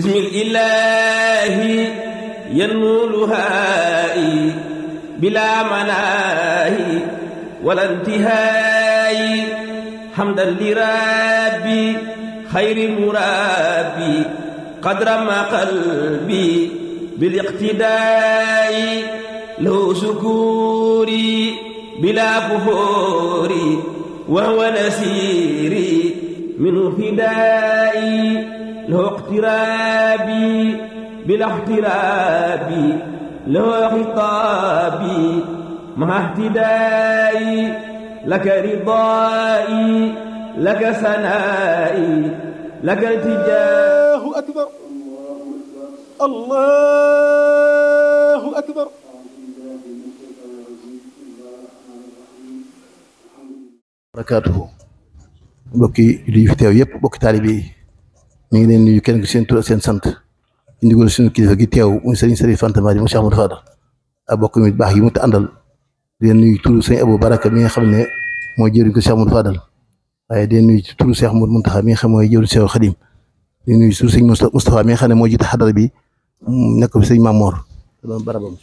بسم الإله ينمو لهائي بلا مناهي ولا انتهاء حمدا لربي خير مربي قدر ما قلبي بالاقتداء له شكوري بلا كفوري وهو نسيري من فدائي له اقترابي بلا احترابي له خطابي مع اهتدائي لك رضائي لك ثنائي لك التجاه الله أكبر الله أكبر barakaatuhu mbokki li fi teew yëpp mbokki taalibe yi ñu ngi leen nuyu kenn ku seen tur seen sant indi ko suñu kilifa gi teew muy sëriñ sëriñ Fanta Mari mu Cheikh Amadou Fadal ak bokk mi baax yi mu ta àndal di leen nuyu turu sëriñ Abou Baraka mi nga xam ne mooy ñu ko Cheikh Amadou Fadal waaye di leen nuyu turu Cheikh Amadou Mountakha mi nga xam mooy jëriñ Cheikh Khadim di nuyu turu sëriñ Moustapha mi nga xam ne moo jiite xadara bi nekk fi sëriñ Mamour doon barabam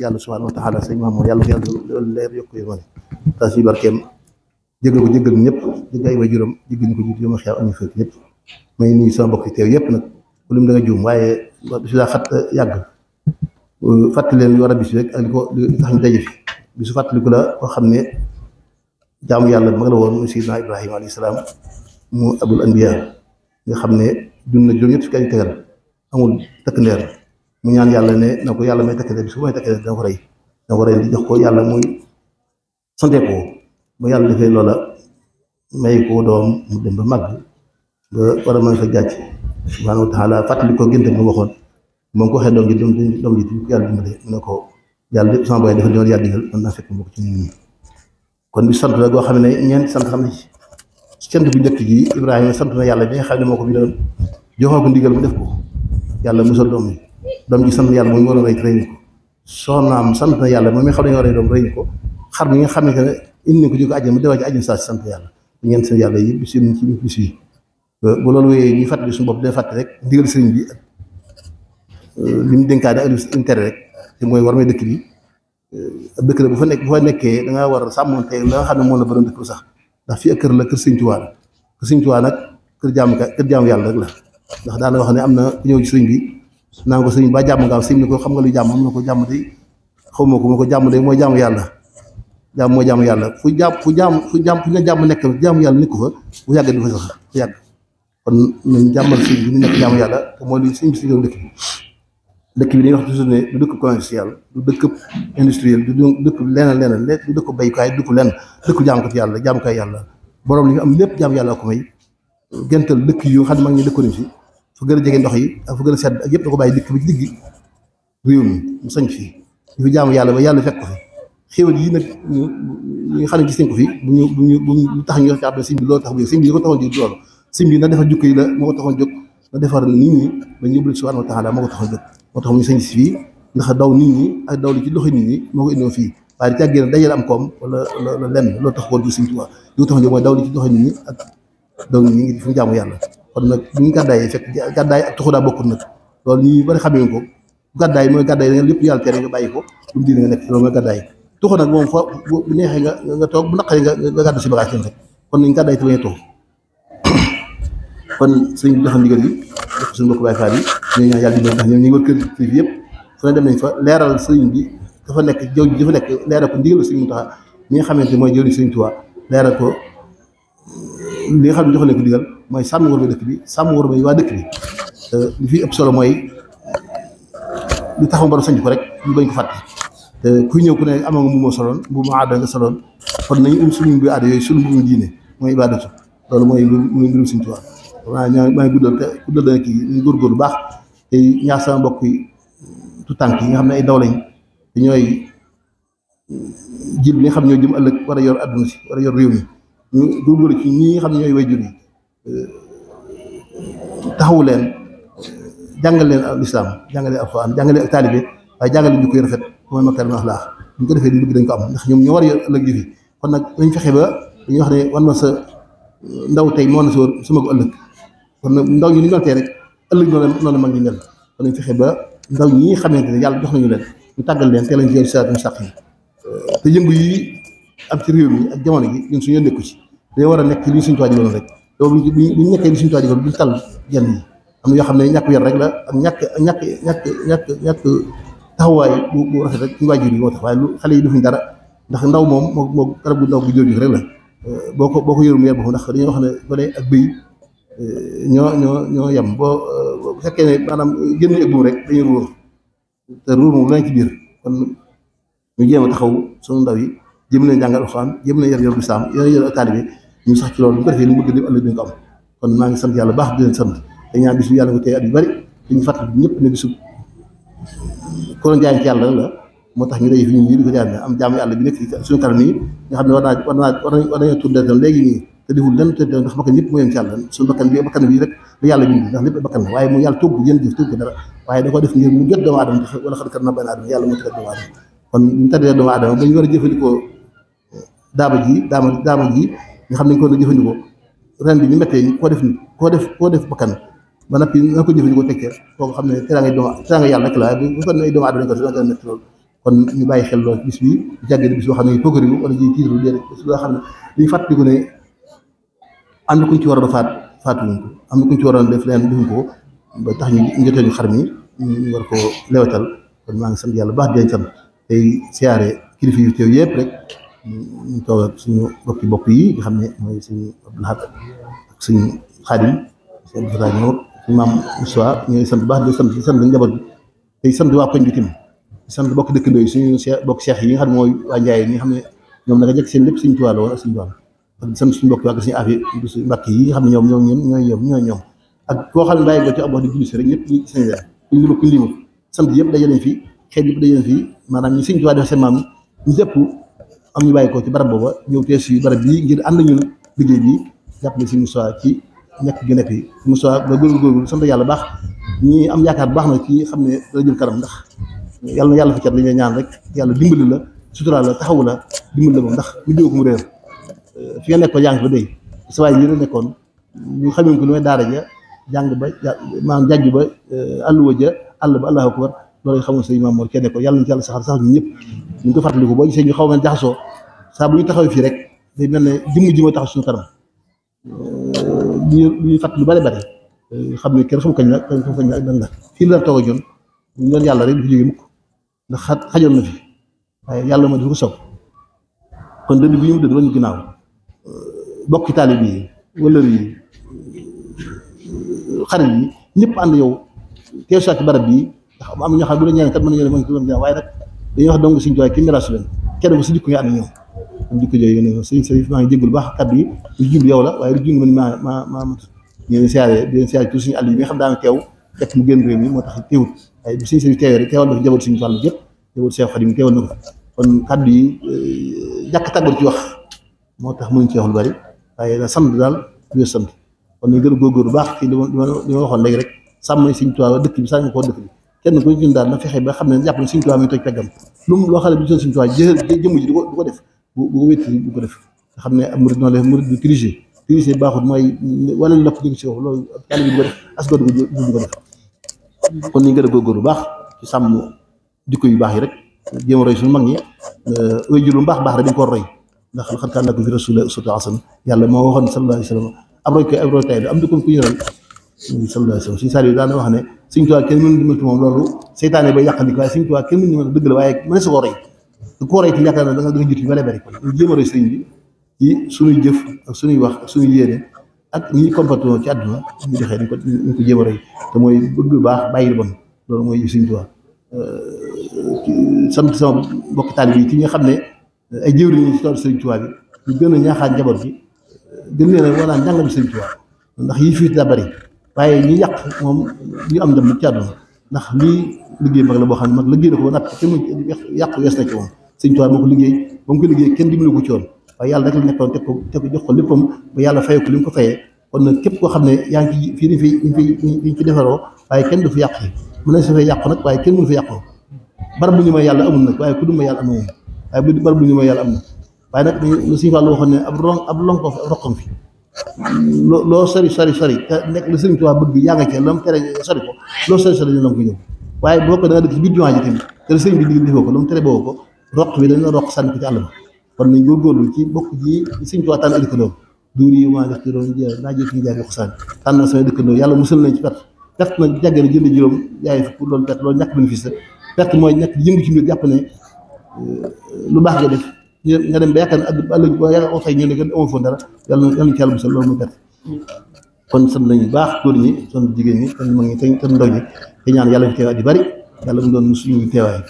yàlla subhanahu wa taala sëriñ Mamour yàlla yàlla loolu leer yokk yo mane tas yi barkeem jégal ko jégal ñëpp jégal ay waajuram jégal ma xeew am ñu may nuyu sama mbokk yi teew yëpp nag ku lim da nga juum waaye bisu daa fàtt yàgg fàttali leen li war a rek ak li ko li tax fàttaliku la koo xam ne jaamu yàlla mag la woon mu Seydina Ibrahima alayhi salaam mu abul anbiya nga xam ne dund na juróom-ñett fukki at yu tegal amul takk ndeer mu ñaan yàlla ne na ko yàlla may takk ndeer bis bu may takk ndeer dana ko rey dana ko rey di jox ko yàlla muy sante ko yàlla loola may ko doom mu dem ba màgg ba war a mën fa jàcc subhaanahu wa taala fàttali ko génte mu waxoon moom ko waxee doom ji doom ji ko yàlla dimbale mu ko yàlla lépp sama boy defal doon yàlla digal mën naa fekk kon bi sant la xam ne ñeent sant sant bu njëkk ji Ibrahima sant yàlla bi nga xam ne ko bindaloon joxoon ko mu def ko yàlla musal doom yi doom ji sant na yàlla mooy waroon rey rey ko soxnaam yàlla moom mi xam ne ñoo rey doom rey ko xar mi nga xam ne que indi ko ñu ko àjjana mu dewaa ci àjjana saa si sant yàlla ñeent sant yàlla yi bis yi ci bis yi bu loolu wéyee ñuy bi suñu bopp dina fàttali rek ndigal sëriñ bi ak euh, li mu dénkaane ak intérêt rek te mooy war may dëkk bi euh, ab dëkk bu fa nekk bu fa nekkee da ngaa war a sàmmante la nga xam ne moom la borom dëkk sax ndax fii kër la kër sëriñ Tuubaa la kër sëriñ nag kër jaamu ka yàlla rek la ndax daana wax ne am na ñëw ci sëriñ bi naan ko sëriñ ba jàmm ngaaw sëriñ ni ko xam nga luy jàmm am ko jàmm xaw ma ko ma ko jàmm mooy jaamu yàlla jàmm mooy jaamu yàlla fu jàmm fu jàmm fu jàmm fu jàmm nekk jaamu yàlla nekk ko fa bu yàgg du fa sax yàgg kon ñun jàmmal si ñu nekk jaamu yàlla te mooy li suñ bis dëkk bi dëkk bi dañuy wax toujours ne du dëkk commercial du dëkk industriel du dëkk leneen leneen lépp du dëkk béykaay du dëkk lenn dëkk jaamu ko fi yàlla jaamu kaay yàlla borom li ñu am lépp jaamu yàlla ko may gental dëkk yu nga xam ne mag ñi dëkkoon si fu gën a jege ndox yi ak fu gën a sedd ak yëpp da ko bàyyi dëkk bi ci digg réew mi mu sañ fi di fi jaamu yàlla ba yàlla fekk ko fi xéwal yi nag ñu nga xam ne gis nañ ko fi bu ñu bu ñu bu tax ñu wax ci àdduna sëñ bi loolu tax bu sëñ bi ko taxoon ji loolu sëñ bi na defar jukki yi la moo ko taxoon jóg na defar nit ñi ba ñu yóbbu subhanahu wa taala moo ko nga jóg moo tax ñu sañ si fii ndax daw nit ñi ak ci loxo nit ñi moo ko indiwoon fii waaye di càggee dajale koom wala la lenn tax koon ju sëñ Tuubaa li ko mooy daw li ci ak daw nit ngi fu ñu jaamu yàlla kon nag bu ñu gàddaay fekk gàddaay ak tuxu daa bokkul nag loolu ñu bari xamee ko gàddaay mooy gàddaay lépp yàlla tere nga bàyyi ko lu mu diine nga nekk loolu mooy gàddaay tuxu nag moom fa bu neexee nga nga toog bu naqaree nga gàddu si bagage kon nañ gàddaay te bañ a tuxu kon sëñ bi joxoon ndigal yi suñu mbokk Baay Faal yi ñooy ñaan yàlla dimbali ndax ñoom ñu ngi wër kër kilifa yëpp fu ne dem nañ fa leeral sëriñ bi dafa nekk jëw ji dafa nekk leeral ko ndigalu sëriñ Tuubaa mi nga xamante mooy jëwriñ sëriñ Tuubaa leeral ko mm, li nga xam ne joxoon nañ ko ndigal mooy sàmm wóor ba dëkk bi sàmm wóor ba waa dëkk bi li fi ëpp solo mooy mm, li taxaw borom sañ ko rek ñu bañ ko fàtte te kuy ñëw ku ne amoon nga mu moo soloon bu mu aada nga soloon kon nañu um suñu mbiru aada yooyu suñu mbiru diine mooy ibaadatu loolu mooy mbirum sëriñ Tuubaa waaw ñoo maa ngi guddal te guddal dana kii ñu góorgóorlu baax te ñaax sama mbokk yi euh, tu tànk yi nga xam ne ay ndaw lañ te ñooy euh, jil bi nga xam ñoo jëm ëllëg war a yor adduna war yor réew nga xam ne ñooy way jur yi euh, taxawu leen jàngal leen al islam jàngal leen ak taalibe waaye jàngal leen ñu koy rafet mooy makaarim al axlaaq bu ñu dañ ko am ñoom ñoo war a yor ëllëg ji fi kon nag nañ fexe ba dañuy wax ne wan ma sa ndaw tey moo na sa sama ko ëllëg kon ndaw ñi ni ñu rek ëllëg noonu noonu mag ñi mel kon nañ fexe ba ndaw ñi nga xamante ne yàlla jox nañu ñu tàggal leen teel a ngi ci te yëngu yi am ci réew mi ak jamono gi ñun suñu yoon ci dañoo war a nekk ci li suñu tuwaajaloon rek loolu bu ñu nekkee li suñu tuwaajaloon duñ tal yenn yi am xam ne ñàkk yar rek la ak ñàkk ñàkk ñàkk ñàkk ñàkk taxawaay bu bu rafet rek suñu waajur yi moo tax waaye lu xale yi defuñ dara ndax ndaw moom moo moo garab gu ndaw gu yi rek la boo ko boo ko yërum yar boobu ndax dañu wax ne gone ak bëy Eh, ñoo ñoo ñoo yem boo eh, fekkee ne maanaam jënd ak buum rek dañuy ruur te ruur moom lañ ci biir kon ñu jéem a taxaw sunu ndaw yi jëm leen jàngal alxuraan jëm leen yar yor du saam yar yor taalibe ñu sax ci loolu bu ñu bëgg dem maa ngi sant yàlla baax di sant te ñaan bisu yàlla ko tey at yu bari dañu ñëpp ne bisu koron jaay ci yàlla la moo tax ñu daje fi ñun ñii di ko jaay am jaamu yàlla bi nekk ci suñu kanam yi nga xam ne war naa war naa war nañu war nañoo tur léegi nii te deful lenn te ndax bakkan yëpp moo yem ci yàlla suñu bakkan bi bakkan yàlla bind ndax lépp bakkan la waaye moom yàlla togg jën jëf togg dara waaye da ko def ngir a daama daama nga xam ne ko na jëfandikoo ren bi ñu mettee koo def koo def koo def ba noppi na ko jëfandikoo tekkee kooku xam ne teraanga doomu teraanga yàlla la waaye bu fekkoon ne ko dana gën a lool bis bi jàggee boo xam ne pokkariwu wala jiy tiitru dee loo xam ne dañu ne am na ku ñu ci war a faat faatuwuñ am na ñu ci war def leen duñ ko ba tax ñu jotee ñu xar mi ñu war ko lewetal kon maa ngi sant yàlla baax di sant tey siyaare kilifa yu teew yëpp rek ñu toog ak suñu bokki bopp yi nga xam ne mooy suñu Abdou suñu Xaadim suñu Abdoulaye Nour suñu maam Moussa ñooy sant baax di sant di sant njaboot tey sant waa koñ bi tamit sant bokk dëkkandoo yi suñu bokk seex yi nga xam ne mooy waa Njaay yi xam ne ñoom naka jëkk seen lépp suñu tuwaalo wala suñu tuwaalo sam suñu mbokk waa gis ñu affaire yi mbàkk yi nga xam ne ñoom ñoom ñoom ñooy ñoom ñooy ñoom ak koo xam ne bàyyi ko ci ab wax di julli si rek yëpp daje nañ fi xeet yëpp daje nañ fi maanaam ñu sëñ Tuubaa def seen maam ko ci barab booba ñëw tees yi barab bii ngir ànd ñun liggéey bi jàppale si Moussa ci ñekk gi nekk yi Moussa ba góorgóorlu sant yàlla baax ñu am yaakaar bu baax na ci xam ne dana jëm kanam ndax yàlla na yàlla fa cat li ñaan rek yàlla dimbali la sutura la taxaw la dimbali la moom ndax mu jóg ko mu réer fi nga nekkoon yaa ngi fa doy sa waay li la nekkoon ñu xamee ko li may daara ja jàng ba maanaam jàjj ba euh, àlluwa ja àll ba allahu akbar loolu nga xamoon sëñ Maam Mor kenn yàlla na ci yàlla saxal ñëpp ko fàttaliku boo gisee xaw ma jaxasoo saa bu ñu taxawee fii rek day mel ne jëmm ji ma taxaw suñu kanam euh, lu bari bari euh, xam ne kenn xam kañ la kenn xam kañ a ñun yàlla rek du fi jógee mukk ndax xajoon na fi waaye yàlla ma dafa ko sow kon dënd bi ñu dënd woon ginnaaw bokki taalib yi wëllër yi xarit yi ñëpp ànd yow tee soit ci barab bii ndax am ñoo xam bu la ñaan kat mën nañu mën ko waaye nag dañuy wax dong suñu tuwaay ki miraasu leen kenn si jikko nga ànd ñoom baax kàddu yi la waaye lu jublu man maa maa maa matut ñeen siyaare di leen siyaare bi nga xam daana teew fekk mu génn réew mi moo tax teewut waaye bu suñu sëñ teewee rek teewal na fi jaboot suñu fàll jëpp jaboot Seex Xadim teewal kon kàddu yi eh, jàkk tàggal ci wax moo tax mu ci wax lu bari waaye da sant daal wér sant kon ñu gën a góorgóor bu baax ci li ma li ma waxoon léegi rek sàmm ni Sëriñ Tuubaa dëkk bi sàmm ko dëkk bi kenn ku ñu daal na fexe xam ne jàpp ne Sëriñ Tuubaa mi toj peggam lu mu ko du bu bu ko xam ne am murid noonu la murid du triger triger mooy wala lépp ñu ngi si wax loolu yàlla bi du ko def asgo du kon ñu gën a bu baax ci sàmm jikko yu baax yi rek jéem a roy suñu mag ñi way jur lu baax baax rek dañ koo roy ndax xat kaan lakum fi rasulillahi uswatun hasana yàlla moo waxoon sallallahu alayhi wa sallam wa sallam suñu saar yi daana wax ne Sëriñ Tuubaa kenn mënu dimbali moom loolu seytaane ba su ko roy du ko roy ci a roy ñu doxee ñu ko ñu ko jéem a roy te mooy bëgg baax bàyyi mooy Sëriñ Tuubaa euh, sant sama mbokk taalibe yi ci nga xam ne ay jëwriñ ñi ci tool sëñ Tuubaa bi ñu gën a ñaaxaat njaboot bi gën leen a wala njàngam sëñ Tuubaa ndax yii fii daa bari waaye ñi yàq moom ñu am dem ci àdduna ndax lii liggéey mag la boo xam ne mag liggéey na ko ba noppi te mu yàq wees na ci moom sëñ Tuubaa moo ko liggéey ba mu ko liggéey kenn dimbalu ko ci woon waaye yàlla rek la nekkoon teg ko teg ko jox ko léppam ba yàlla fay ko li mu ko fayee kon nag képp koo xam ne yaa ngi fii ni fi ñu fi ñu fi defaroo waaye kenn du fi yàq yi mën nañ su fee yàqu nag waaye kenn mënu fi yàqoo barab bu ñu may yàlla amul nag waaye ku ma yàlla amul waaye bu barab bu ñu mooy yàlla am na waaye nag lu Sëriñ Fallu waxoon ne ab ron ab fi loo sori sori sori te nekk lu Sëriñ Tuubaa bëgg yaa nga ci lam tere sori ko loo sori sori ñu boo ko da nga dëkk ci te sëriñ bi digg defoo ko lu mu tere boo ko roq bi dañ la roq sànni ko ci àll ba kon nañ ci bokk ji Sëriñ Tuubaa tànn dëkkandoo duur yi maa def ci doon jë naa jël suñu jaay wax sànni tànn na sama dëkkandoo yàlla musal nañ ci perte perte na jàggee jënd juróom yaay fukk loolu perte loolu ñàkk bénéfice la perte mooy ñàkk yëngu ci mbir jàpp ne lu baax nga def nga dem ba yaakaar ne ëllëg boo yaakaar waxee ñu ne ko amoo na yàlla na ci yàlla musal ñi sant jigéen ñi sant mag ñi te ndaw ñi te ñaan yàlla fi teewaat yu bari yàlla mu doon suñu teewaay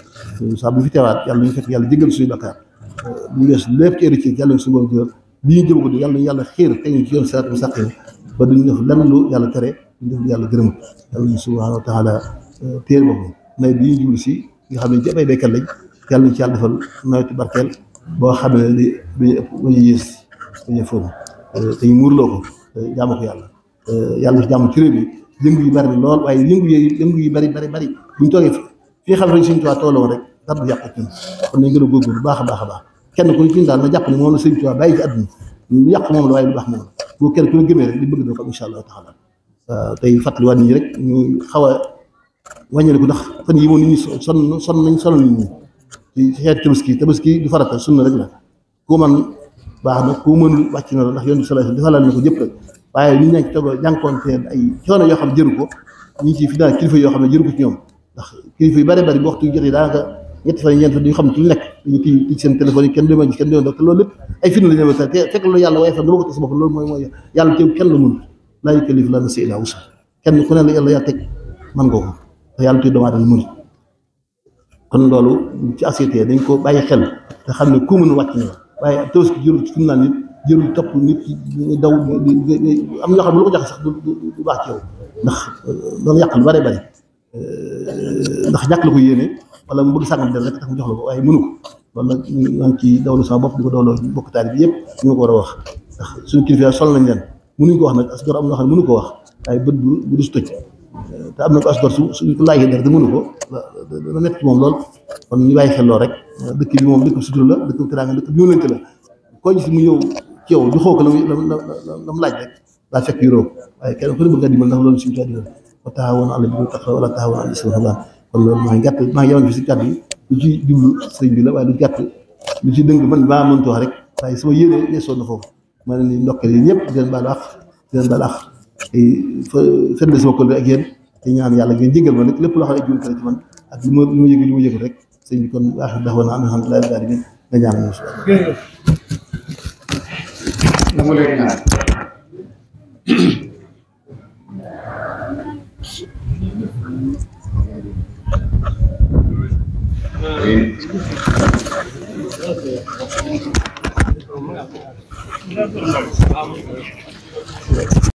saa bu fi teewaat yàlla ñu fekk yàlla jéggal suñu bakkaar bu ñu wees ci héritier yàlla bi ñu jëm ko di yàlla yàlla xiir te ñu ci yoon saraat mu sàqi ba duñu def lu yàlla tere duñu def lu yàlla gërëm yàlla ñu subhanahu wa taala téer boobu nawet bi ñu jublu si nga xam ne jëpp ay béykat lañ yàlla ñu ci yàlla defal nawetu barkeel boo ne li duñu ëpp duñu yées duñu fóon te ñu muurloo ko jaamu ko yàlla eh, yàlla na jaamu ci réew yëngu yu bari bi lool waaye yëngu yooyu yu bari bari bari bu ñu toogee fii xam fañ Sëñ Tuubaa tooloo rek dara du yàq ñun kon nañ gën a góorgóorlu baax baax a baax kenn ku ci daal jàpp ne moom la Sëñ Tuubaa bàyyi ci àdduna lu yàq moom la waaye lu baax moom boo kenn ku la gëmee rek li bëgg doo ko insha allah taala eh, tey fàttaliwaat nit ñi rek ñu xaw a wàññeeku ndax fan yi moom nit ñi sonn sonn nañ sonal ci xeeti tabaski tabaski du farata sunna rek la ku man baax na ku mënul wàcc na la ndax yoon bi solo defalal na ko jëpp rek waaye ñu nekk toog jànkoonteen ay yoo xam ne jëru ko ñi ci kilifa yoo xam ne jëru ko ci ñoom ndax kilifa yu bari bari bu waxtu jotee daanaka xam ci lu nekk dañu kii ci seen téléphone yi kenn du ma gis kenn du lépp ay firnde la ñu demee te fekk loolu yàlla waaye fan dama yàlla ku ne la yàlla yaa teg man nga ko yàlla teew doomu aadama mënul kon loolu ci acité dañ ko bàyyi xel te xam ne ku mën wàcc na waaye tabaski jërul ci naan nit topp nit daw am ñoo xam ne lu ko jax sax du baax euh, yàq lu bare euh, ndax ñàkk la ko yéene wala mu bëgg sàngam del jox la ko waaye mënu ko loolu nag maa ngi ci dawlu sama bopp di bokk taali bi yëpp ñu war a wax ndax suñu kilifa sol nañ leen mënuñ ko wax nag as gor am ñoo xam ne mënu ko wax waaye bët bu du su tëj te am na ko asgor su su ko laajee dara te mënu ko dana nekk ci moom lool kon ñu bàyyi xel lool rek dëkk bi moom dëkk sutur la dëkk teraanga dëkk yónnante la koo gis mu ñëw ci yow joxoo ko la mu laaj rek daa a dimbal ndax loolu suñu caa dimbal ba taxawoon àll bi tax wala taxawoon àll si xabaar kon loolu maa ngi gàtt maa ngi yawoon si kàddu yi lu ci jublu bi la waaye lu gàtt lu ci dëng man maa mënut wax rek waaye sama yéene yeesoon na foofu ma ne ni ndokkeel yi ñëpp di leen baal àq seen la sama kóllëre ak yéen te ñaan yàlla ngeen jégal ma nag lépp loo xam ne juumte la ci man ak lu bi kon waax dafa naa alhamdulilah daal ñaan mo su dama